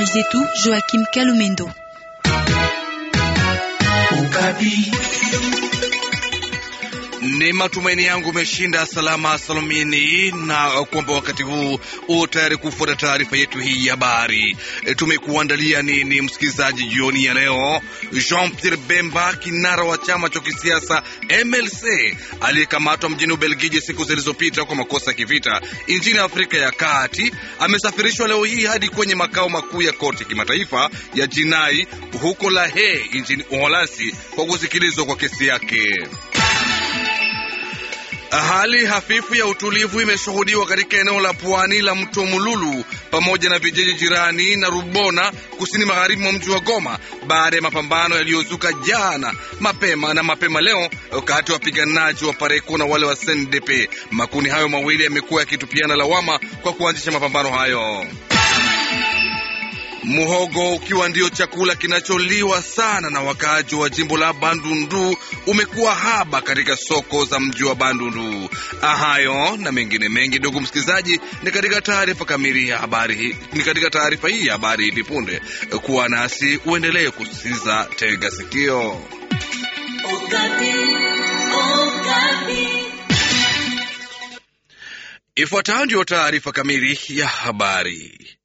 À tout Joachim Kalumendo. Ni matumaini yangu umeshinda salama salamini, na kwamba wakati huu uo tayari kufuata taarifa yetu hii ya habari. E, tumekuandalia nini msikilizaji jioni ya leo? Jean Pierre Bemba, kinara wa chama cha kisiasa MLC aliyekamatwa mjini Ubelgiji siku zilizopita kwa makosa ya kivita nchini Afrika ya Kati, amesafirishwa leo hii hadi kwenye makao makuu ya koti kimataifa ya jinai huko Lahe nchini Uholanzi kwa kusikilizwa kwa kesi yake. Eh, hali hafifu ya utulivu imeshuhudiwa katika eneo la pwani la mto Mululu pamoja na vijiji jirani na Rubona kusini magharibi mwa mji wa Goma baada ya mapambano yaliyozuka jana mapema na mapema leo kati ya wapiganaji wa Pareko na wale wa SNDP. Makundi hayo mawili yamekuwa yakitupiana lawama kwa kuanzisha mapambano hayo. Muhogo ukiwa ndio chakula kinacholiwa sana na wakaaji wa jimbo la Bandundu umekuwa haba katika soko za mji wa Bandundu. Ahayo ah, na mengine mengi, ndugu msikilizaji, ni katika taarifa kamili ya habari hii, ni katika taarifa hii ya habari hivi punde. Kuwa nasi uendelee kusikiliza, tega sikio. Ifuatayo ndiyo taarifa kamili ya habari.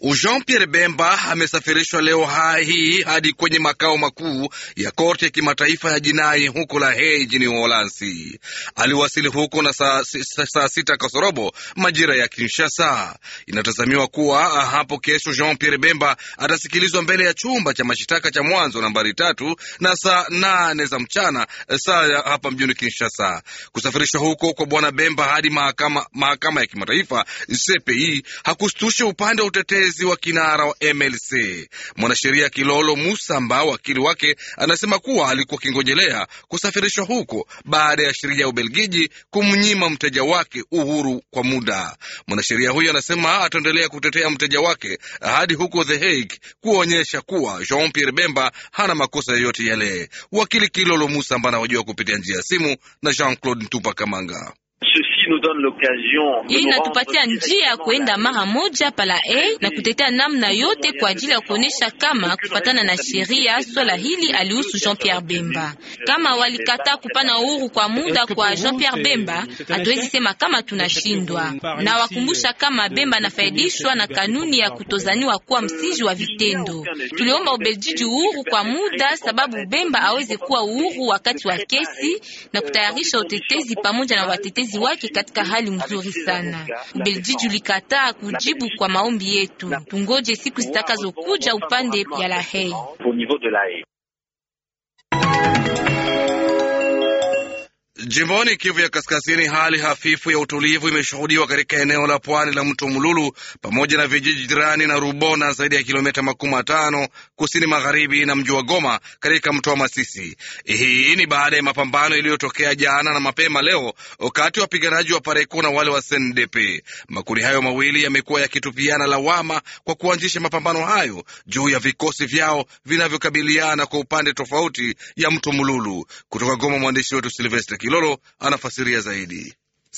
Jean Pierre Bemba amesafirishwa leo hii hadi kwenye makao makuu ya korti ya kimataifa ya jinai huko La Haye jini Uholanzi. Aliwasili huko na saa, sa, sita kasorobo majira ya Kinshasa. Inatazamiwa kuwa hapo kesho Jean Pierre Bemba atasikilizwa mbele ya chumba cha mashitaka cha mwanzo nambari tatu na saa nane za mchana saa ya hapa mjini Kinshasa. Kusafirishwa huko kwa bwana Bemba hadi mahakama, mahakama ya kimataifa CPI hakustushe upande wa utetezi mtetezi wa kinara wa MLC. Mwanasheria Kilolo Musamba, wakili wake, anasema kuwa alikuwa akingojelea kusafirishwa huko baada ya sheria ya Ubelgiji kumnyima mteja wake uhuru kwa muda. Mwanasheria huyo anasema ataendelea kutetea mteja wake hadi huko The Hague kuonyesha kuwa Jean Pierre Bemba hana makosa yoyote yale. Wakili Kilolo Musamba anahojiwa kupitia njia ya simu na Jean Claude Ntupa Kamanga nous donne l'occasion inatupatia njia ya kuenda mara moja pala e na kutetea namna yote kwa ajili ya kuonesha kama kufatana na sheria swala hili alihusu Jean Pierre Bemba. Kama walikataa kupana uhuru kwa muda kwa Jean Pierre Bemba, hatuwezi sema kama tunashindwa, na wakumbusha kama Bemba anafaidishwa na kanuni ya kutozaniwa kuwa msiji wa vitendo. Tuliomba Ubeljiji uhuru kwa muda sababu Bemba aweze kuwa uhuru wakati wa kesi na euh, kutayarisha utetezi pamoja na watetezi wake katika hali mzuri sana. belji ulikataa kujibu kwa maombi yetu, tungoje siku zitakazokuja upande ya la Haye. Jimboni Kivu ya Kaskazini, hali hafifu ya utulivu imeshuhudiwa katika eneo la pwani la mto Mululu pamoja na vijiji jirani na Rubona, zaidi ya kilomita makumi matano kusini magharibi na mji wa Goma katika mto wa Masisi. Hii ni baada ya mapambano yaliyotokea jana na mapema leo wakati wa wapiganaji wa Pareko na wale wa SNDP. Makundi hayo mawili yamekuwa yakitupiana lawama kwa kuanzisha mapambano hayo juu ya vikosi vyao vinavyokabiliana kwa upande tofauti ya mto Mululu. Kutoka Goma, mwandishi wetu Silvestri Kilolo anafasiria zaidi.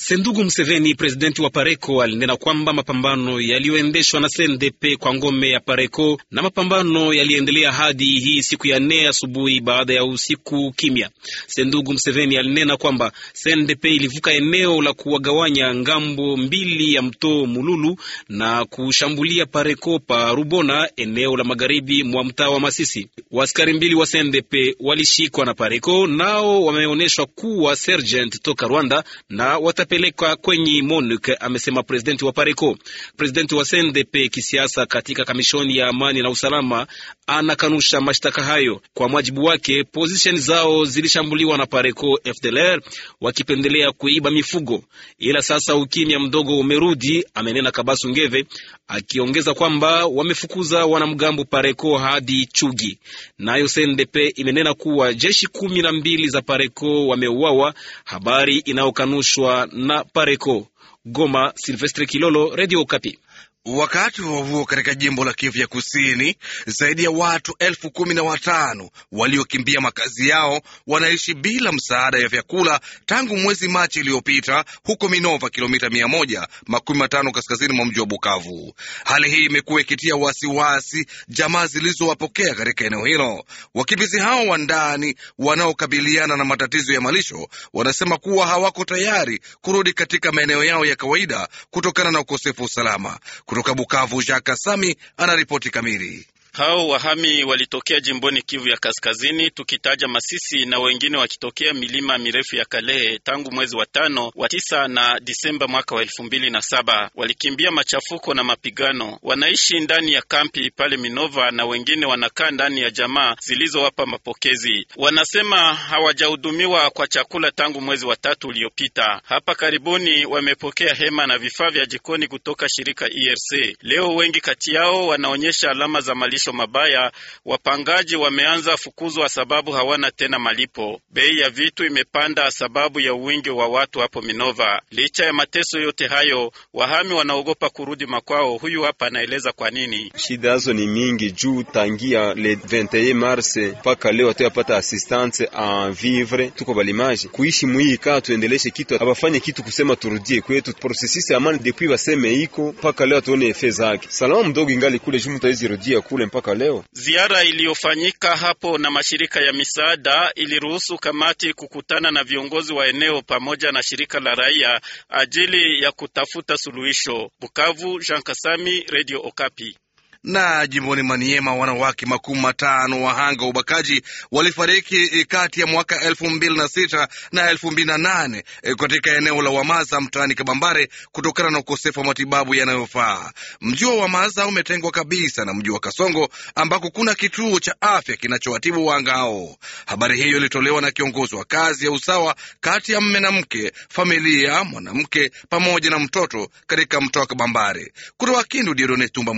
Sendugu mseveni presidenti wa Pareko, alinena kwamba mapambano yaliyoendeshwa na CNDP kwa ngome ya Pareko na mapambano yaliendelea hadi hii siku ya nne asubuhi baada ya usiku kimya. Sendugu mseveni alinena kwamba CNDP ilivuka eneo la kuwagawanya ngambo mbili ya mto Mululu na kushambulia Pareko pa Rubona, eneo la magharibi mwa mtaa wa Masisi. Waskari mbili wa CNDP walishikwa na Pareko, nao wameonyeshwa kuwa sergeant toka Rwanda na wata itapelekwa kwenye MONUC, amesema presidenti wa Pareco. Presidenti wa CNDP kisiasa katika kamishoni ya amani na usalama anakanusha mashtaka hayo. Kwa mwajibu wake, pozisheni zao zilishambuliwa na Pareco FDLR wakipendelea kuiba mifugo, ila sasa ukimya mdogo umerudi, amenena Kabasu Ngeve akiongeza kwamba wamefukuza wanamgambo Pareko hadi Chugi. Nayo CNDP imenena kuwa jeshi kumi na mbili za Pareko wameuawa, habari inayokanushwa na Pareko. Goma, Silvestre Kilolo, Radio Kapi. Wakati huo huo, katika jimbo la Kivu ya Kusini, zaidi ya watu elfu kumi na watano waliokimbia makazi yao wanaishi bila msaada ya vyakula tangu mwezi Machi iliyopita huko Minova, kilomita mia moja makumi matano kaskazini mwa mji wa Bukavu. Hali hii imekuwa ikitia wasiwasi jamaa zilizowapokea katika eneo hilo. Wakimbizi hao wa ndani wanaokabiliana na matatizo ya malisho wanasema kuwa hawako tayari kurudi katika maeneo yao ya kawaida kutokana na ukosefu wa usalama. Kutoka Bukavu, Jaka Sami anaripoti kamili. Hao wahami walitokea jimboni Kivu ya Kaskazini, tukitaja Masisi na wengine wakitokea milima mirefu ya Kalehe tangu mwezi wa tano wa tisa na Disemba mwaka wa elfu mbili na saba. Walikimbia machafuko na mapigano, wanaishi ndani ya kampi pale Minova na wengine wanakaa ndani ya jamaa zilizowapa mapokezi. Wanasema hawajahudumiwa kwa chakula tangu mwezi wa tatu uliopita. Hapa karibuni wamepokea hema na vifaa vya jikoni kutoka shirika IRC. E Leo wengi kati yao wanaonyesha alama za malisho malisho mabaya, wapangaji wameanza fukuzwa sababu hawana tena malipo. Bei ya vitu imepanda sababu ya wingi wa watu hapo Minova. Licha ya mateso yote hayo, wahami wanaogopa kurudi makwao. Huyu hapa anaeleza kwa nini shida hazo ni mingi juu tangia le 21 mars mpaka leo hatuyapata assistance a vivre, tuko balimaji kuishi mwii kaa tuendeleshe kitu, abafanye kitu kusema turudie kwetu. Prosesisi amani depuis baseme iko mpaka leo tuone efe zake. Salama mdogo ingali kule jumu mutawezi rudia kule mpaka mpaka leo. Ziara iliyofanyika hapo na mashirika ya misaada iliruhusu kamati kukutana na viongozi wa eneo pamoja na shirika la raia ajili ya kutafuta suluhisho. Bukavu, Jean Kasami, Radio Okapi. Na jimboni Maniema, wanawake makumi matano wahanga wa ubakaji walifariki eh, kati ya mwaka elfu mbili na sita na elfu mbili na nane eh, katika eneo la Wamaza mtaani Kabambare kutokana na ukosefu wa matibabu yanayofaa. Mji wa Wamaza umetengwa kabisa na mji wa Kasongo ambako kuna kituo cha afya kinachowatibu wahanga hao. Habari hiyo ilitolewa na kiongozi wa kazi ya usawa kati ya mme na mke, familia, mwanamke pamoja na mtoto katika mtoa Kabambare. Kutoka Kindu, Diodone Tumba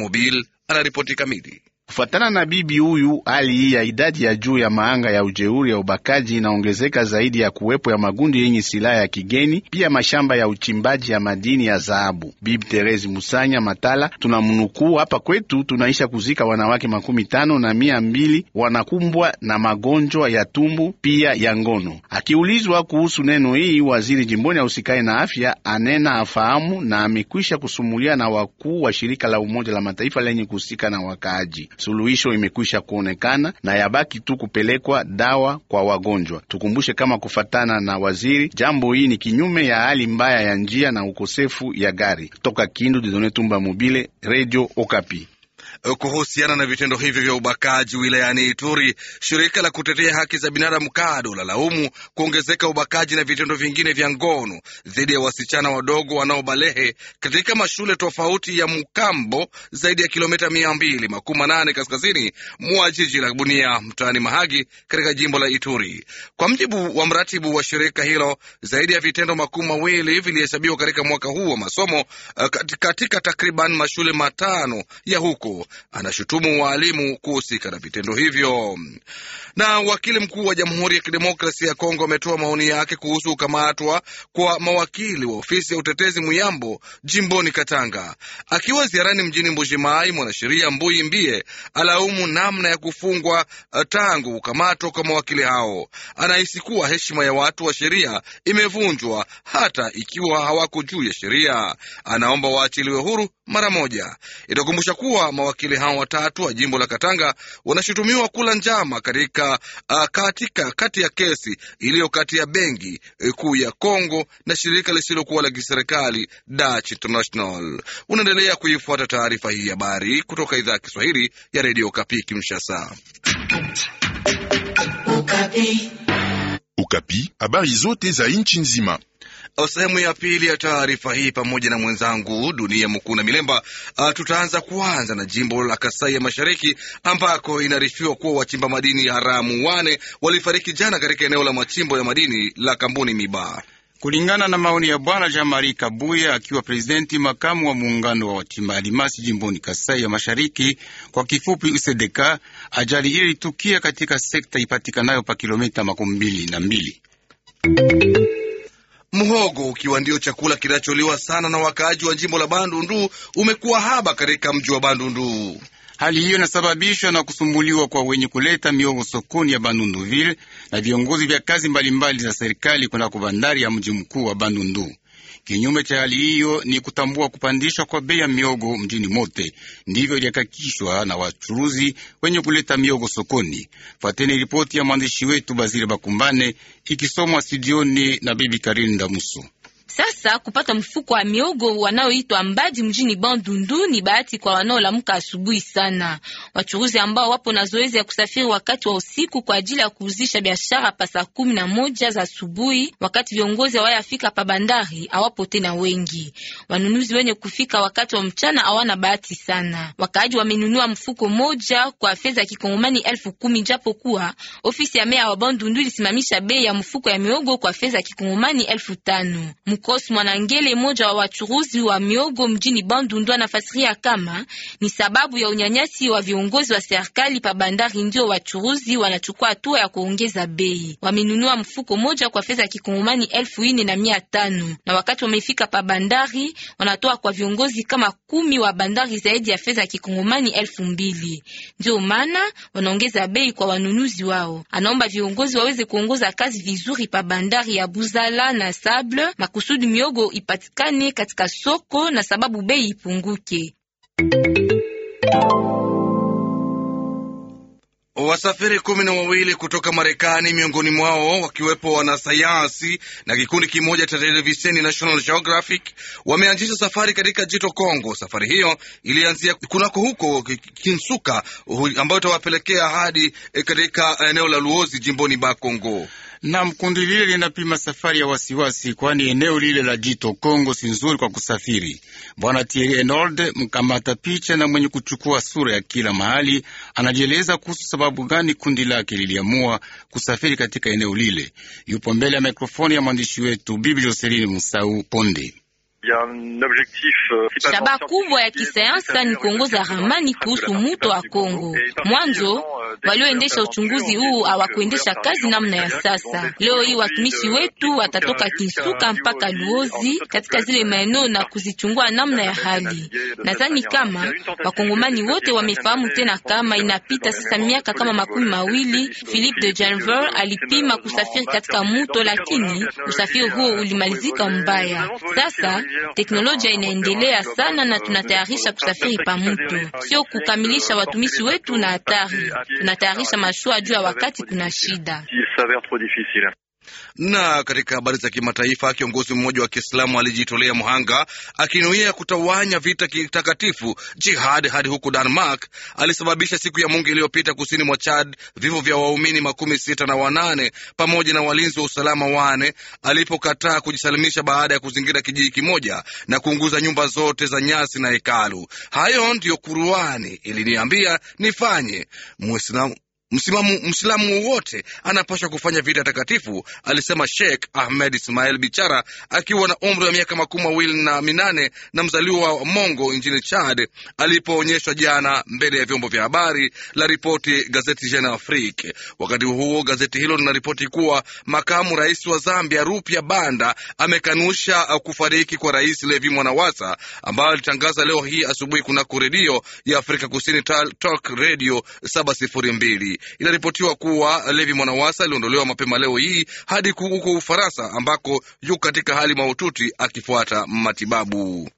ana ripoti kamili. Kufatana na bibi huyu, hali hii ya idadi ya juu ya maanga ya ujeuri ya ubakaji inaongezeka zaidi ya kuwepo ya magundi yenye silaha ya kigeni, pia mashamba ya uchimbaji ya madini ya dhahabu. Bibi Terezi Musanya Matala tunamnukuu hapa kwetu, tunaisha kuzika wanawake makumi tano na mia mbili wanakumbwa na magonjwa ya tumbu pia ya ngono. Akiulizwa kuhusu neno hii, waziri jimboni ausikaye na afya anena afahamu na amekwisha kusumulia na wakuu wa shirika la Umoja la Mataifa lenye kuhusika na wakaaji suluhisho imekwisha kuonekana na yabaki tu kupelekwa dawa kwa wagonjwa. Tukumbushe kama kufatana na waziri, jambo hii ni kinyume ya hali mbaya ya njia na ukosefu ya gari. Toka Kindu, Didone Tumba Mobile, Radio Okapi. Eh, kuhusiana na vitendo hivyo vya ubakaji wilayani Ituri. Shirika la kutetea haki za binadamu KADO la laumu kuongezeka ubakaji na vitendo vingine vya ngono dhidi ya wasichana wadogo wanaobalehe katika mashule tofauti ya Mukambo, zaidi ya kilomita mia mbili makumi manane kaskazini mwa jiji la Bunia, mtaani Mahagi, katika jimbo la Ituri. Kwa mjibu wa mratibu wa shirika hilo, zaidi ya vitendo makumi mawili vilihesabiwa katika mwaka huu wa masomo eh, katika takriban mashule matano ya huko anashutumu waalimu kuhusika na vitendo hivyo. Na wakili mkuu wa Jamhuri ya Kidemokrasia ya Kongo ametoa maoni yake kuhusu kukamatwa kwa mawakili wa ofisi ya utetezi Muyambo jimboni Katanga. Akiwa ziarani mjini Mbujimai, mwanasheria mbui Mbie alaumu namna ya kufungwa eh, tangu kukamatwa kwa mawakili hao. Anahisi kuwa heshima ya watu wa sheria imevunjwa hata ikiwa hawako juu ya sheria. Anaomba waachiliwe huru mara moja. Itakumbusha kuwa mawakili mawakili hao watatu wa jimbo la Katanga wanashutumiwa kula njama katika, uh, katika kati ya kesi iliyo kati ya benki eh, kuu ya Kongo na shirika lisilokuwa la kiserikali Dutch International. Unaendelea kuifuata taarifa hii habari kutoka idhaa ya Kiswahili ya redio Kapi Kinshasa. Ukapi, habari zote za nchi nzima sehemu ya pili ya taarifa hii pamoja na mwenzangu Dunia Mkuna Milemba. Ah, tutaanza kwanza na jimbo la Kasai ya Mashariki ambako inaarifiwa kuwa wachimba madini haramu wane walifariki jana katika eneo la machimbo ya madini la kampuni Mibaa kulingana na maoni ya bwana Jean-Marie Kabuya akiwa prezidenti makamu wa muungano wa wachimba alimasi jimboni Kasai ya Mashariki, kwa kifupi USEDEKA, ajali ile ilitukia katika sekta ipatikanayo pa kilomita makumi mbili na mbili. Mhogo ukiwa ndio chakula kinacholiwa sana na wakaaji wa jimbo la Bandundu umekuwa haba katika mji wa Bandundu. Hali hiyo inasababishwa na kusumbuliwa kwa wenye kuleta miogo sokoni ya Bandundu ville na viongozi vya kazi mbalimbali za serikali kunako bandari ya mji mkuu wa Bandundu. Kinyume cha hali hiyo ni kutambua kupandishwa kwa bei ya miogo mjini mote, ndivyo ilihakikishwa na wachuruzi wenye kuleta miogo sokoni. Fateni ripoti ya mwandishi wetu bazili Bakumbane ikisomwa studioni na Bibi Karinda Muso. Sasa kupata mfuko wa miogo wanaoitwa mbaji mjini Bandundu ni bahati kwa wanaolamka asubuhi sana. Wachuruzi ambao wapo na zoezi ya kusafiri wakati wa usiku kwa ajili ya kuuzisha biashara pasa kumi na moja za asubuhi, wakati viongozi hawayafika pa bandari, awapo tena wengi. Wanunuzi wenye kufika wakati wa mchana hawana bahati sana. Wakaaji wamenunua mfuko moja kwa fedha ya kikongomani elfu kumi japo kuwa ofisi ya meya wa Bandundu ilisimamisha bei ya mfuko ya miogo kwa fedha ya kikongomani elfu tano. Cosmos Mwanangele, mmoja wa wachuruzi wa miogo mjini Bandundu, anafasiria kama ni sababu ya unyanyasi wa viongozi wa serikali pa bandari, ndio wachuruzi wanachukua hatua ya kuongeza bei. Wamenunua mfuko moja kwa fedha ya kikongomani elfu ine na mia tano na wakati wamefika pa bandari wanatoa kwa viongozi kama kumi wa bandari zaidi ya fedha ya kikongomani elfu mbili ndio maana wanaongeza bei kwa wanunuzi wao. Anaomba viongozi waweze kuongoza kazi vizuri pa bandari ya Buzala na Sable makusudi kusudi miogo ipatikane katika soko na sababu bei ipunguke. Wasafiri kumi na wawili kutoka Marekani, miongoni mwao wakiwepo wanasayansi na kikundi kimoja cha televisheni National Geographic, wameanzisha safari katika jito Kongo. Safari hiyo ilianzia kunako huko Kinsuka, ambayo itawapelekea hadi eh, katika eneo la Luozi, jimboni ba Nam, kundi lile linapima safari ya wasiwasi, kwani eneo lile la jito Kongo si nzuri kwa kusafiri. Bwana Thierry Enold, mkamata picha na mwenye kuchukua sura ya kila mahali, anajieleza kuhusu sababu gani kundi lake liliamua kusafiri katika eneo lile. Yupo mbele ya mikrofoni ya mwandishi wetu Bibi Musau Ponde. Euh, Shabaha kubwa ya kisayansi ni kuongoza ramani kuhusu muto wa Kongo mwanzo walioendesha uchunguzi huu hawakuendesha kazi namna ya sasa. Leo hii watumishi wetu watatoka Kinsuka mpaka Luozi katika zile maeneo na kuzichungua namna ya hali. Nadhani kama wakongomani wote wamefahamu tena kama inapita sasa miaka kama makumi mawili Philippe de Janver alipima kusafiri katika muto, lakini usafiri huo ulimalizika mbaya. Sasa teknolojia inaendelea sana na tunatayarisha kusafiri pa muto, sio kukamilisha watumishi wetu na hatari tunatayarisha mashua juu ya wakati kuna shida. Na katika habari za kimataifa, kiongozi mmoja wa Kiislamu alijitolea mhanga akinuia kutawanya vita kitakatifu jihad hadi huku Denmark. Alisababisha siku ya Mungu iliyopita kusini mwa Chad vifo vya waumini makumi sita na wanane pamoja na walinzi wa usalama wane alipokataa kujisalimisha baada ya kuzingira kijiji kimoja na kuunguza nyumba zote za nyasi na hekalu. Hayo ndiyo Kuruani iliniambia nifanye Muislamu Msimamu, msilamu wote anapashwa kufanya vita takatifu, alisema Sheikh Ahmed Ismail Bichara akiwa na umri wa miaka makumi mawili na minane na mzaliwa wa Mongo nchini Chad alipoonyeshwa jana mbele ya vyombo vya habari la ripoti gazeti Jeune Afrique. Wakati huo gazeti hilo linaripoti kuwa makamu rais wa Zambia Rupia Banda amekanusha kufariki kwa rais Levi Mwanawasa ambayo alitangaza leo hii asubuhi kunako redio ya Afrika Kusini Talk Radio 702 inaripotiwa kuwa Levi Mwanawasa aliondolewa mapema leo hii hadi huko Ufaransa ambako yuko katika hali mahututi akifuata matibabu.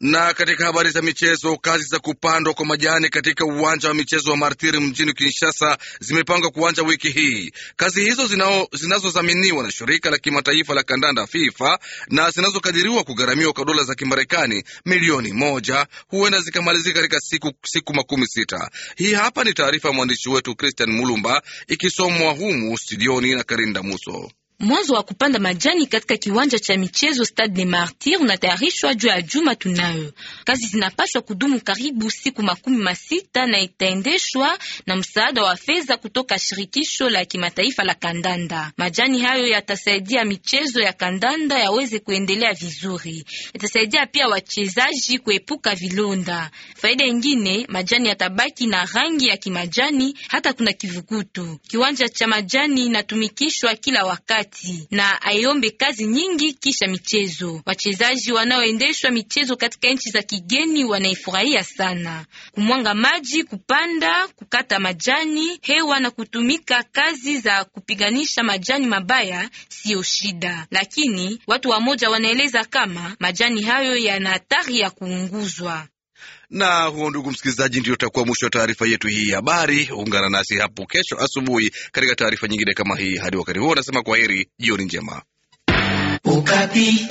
Na katika habari za michezo, kazi za kupandwa kwa majani katika uwanja wa michezo wa Martiri mjini Kinshasa zimepangwa kuanza wiki hii. Kazi hizo zinazodhaminiwa na shirika la kimataifa la kandanda FIFA na zinazokadiriwa kugharamiwa kwa dola za Kimarekani milioni moja huenda zikamalizika katika siku, siku makumi sita. Hii hapa ni taarifa ya mwandishi wetu Christian Mulumba ikisomwa humu studioni na Karinda Muso. Mwanzo wa kupanda majani katika kiwanja cha michezo Stade des Martyrs unatayarishwa juu ya juma tunayo. Kazi zinapaswa kudumu karibu siku makumi masita na itaendeshwa na msaada wa fedha kutoka shirikisho la kimataifa la kandanda. Majani hayo yatasaidia michezo ya kandanda yaweze kuendelea vizuri. Yatasaidia pia wachezaji kuepuka vilonda. Faida nyingine, majani yatabaki na rangi ya kimajani hata kuna kivukutu. Kiwanja cha majani inatumikishwa kila wakati kati na aiombe kazi nyingi kisha michezo. Wachezaji wanaoendeshwa michezo katika nchi za kigeni wanaifurahia sana kumwanga maji, kupanda, kukata majani, hewa na kutumika. Kazi za kupiganisha majani mabaya siyo shida, lakini watu wamoja wanaeleza kama majani hayo yana hatari ya kuunguzwa. Na huo, ndugu msikilizaji, ndio utakuwa mwisho wa taarifa yetu hii habari. Ungana nasi hapo kesho asubuhi katika taarifa nyingine kama hii. Hadi wakati huo, nasema kwa heri, jioni njema. Ukapi.